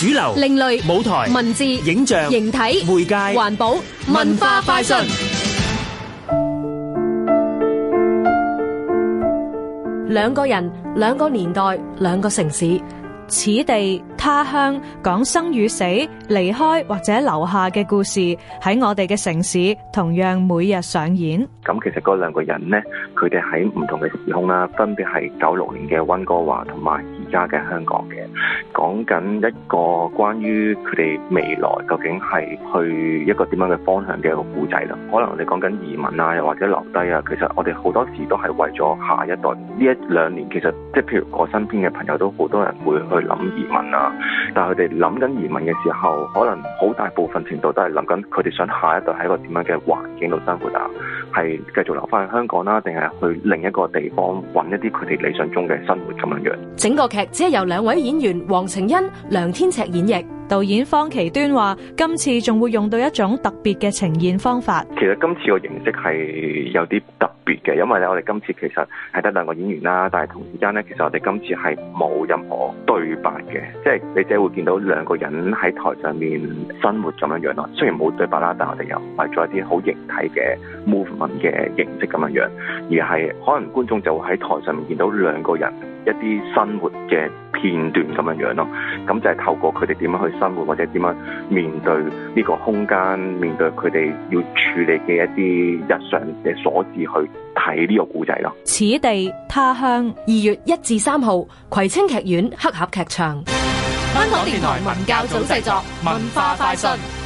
主流、另類舞台、文字、影像、形體、媒介、環保、文化快訊。兩個人，兩個年代，兩個城市，此地他鄉，講生與死，離開或者留下嘅故事，喺我哋嘅城市，同樣每日上演。咁其實嗰兩個人呢，佢哋喺唔同嘅時空啦，分別係九六年嘅温哥華同埋家嘅香港嘅，講緊一個關於佢哋未來究竟係去一個點樣嘅方向嘅一個古仔啦。可能你講緊移民啊，又或者留低啊，其實我哋好多時都係為咗下一代。呢一兩年其實，即係譬如我身邊嘅朋友都好多人會去諗移民啊，但係佢哋諗緊移民嘅時候，可能好大部分程度都係諗緊佢哋想下一代喺一個點樣嘅環境度生活啊，係繼續留翻去香港啦，定係去另一個地方搵一啲佢哋理想中嘅生活咁樣樣。整個。只係由兩位演員黃晴恩、梁天尺演繹。導演方其端話，今次仲會用到一種特別嘅呈現方法。其實今次個形式係有啲特別嘅，因為咧我哋今次其實係得兩個演員啦，但係同時間咧，其實我哋今次係冇任何對白嘅，即係你只會見到兩個人喺台上面生活咁樣樣咯。雖然冇對白啦，但係我哋又唔係做一啲好形體嘅 movement 嘅形式咁樣樣，而係可能觀眾就會喺台上面見到兩個人，一啲生活嘅片段咁樣樣咯，咁就係透過佢哋點樣去生活或者點樣面對呢個空間，面對佢哋要處理嘅一啲日常嘅瑣事去睇呢個故仔咯。此地他鄉，二月一至三號，葵青劇院黑盒劇場。香港電台文教組製作，文化快訊。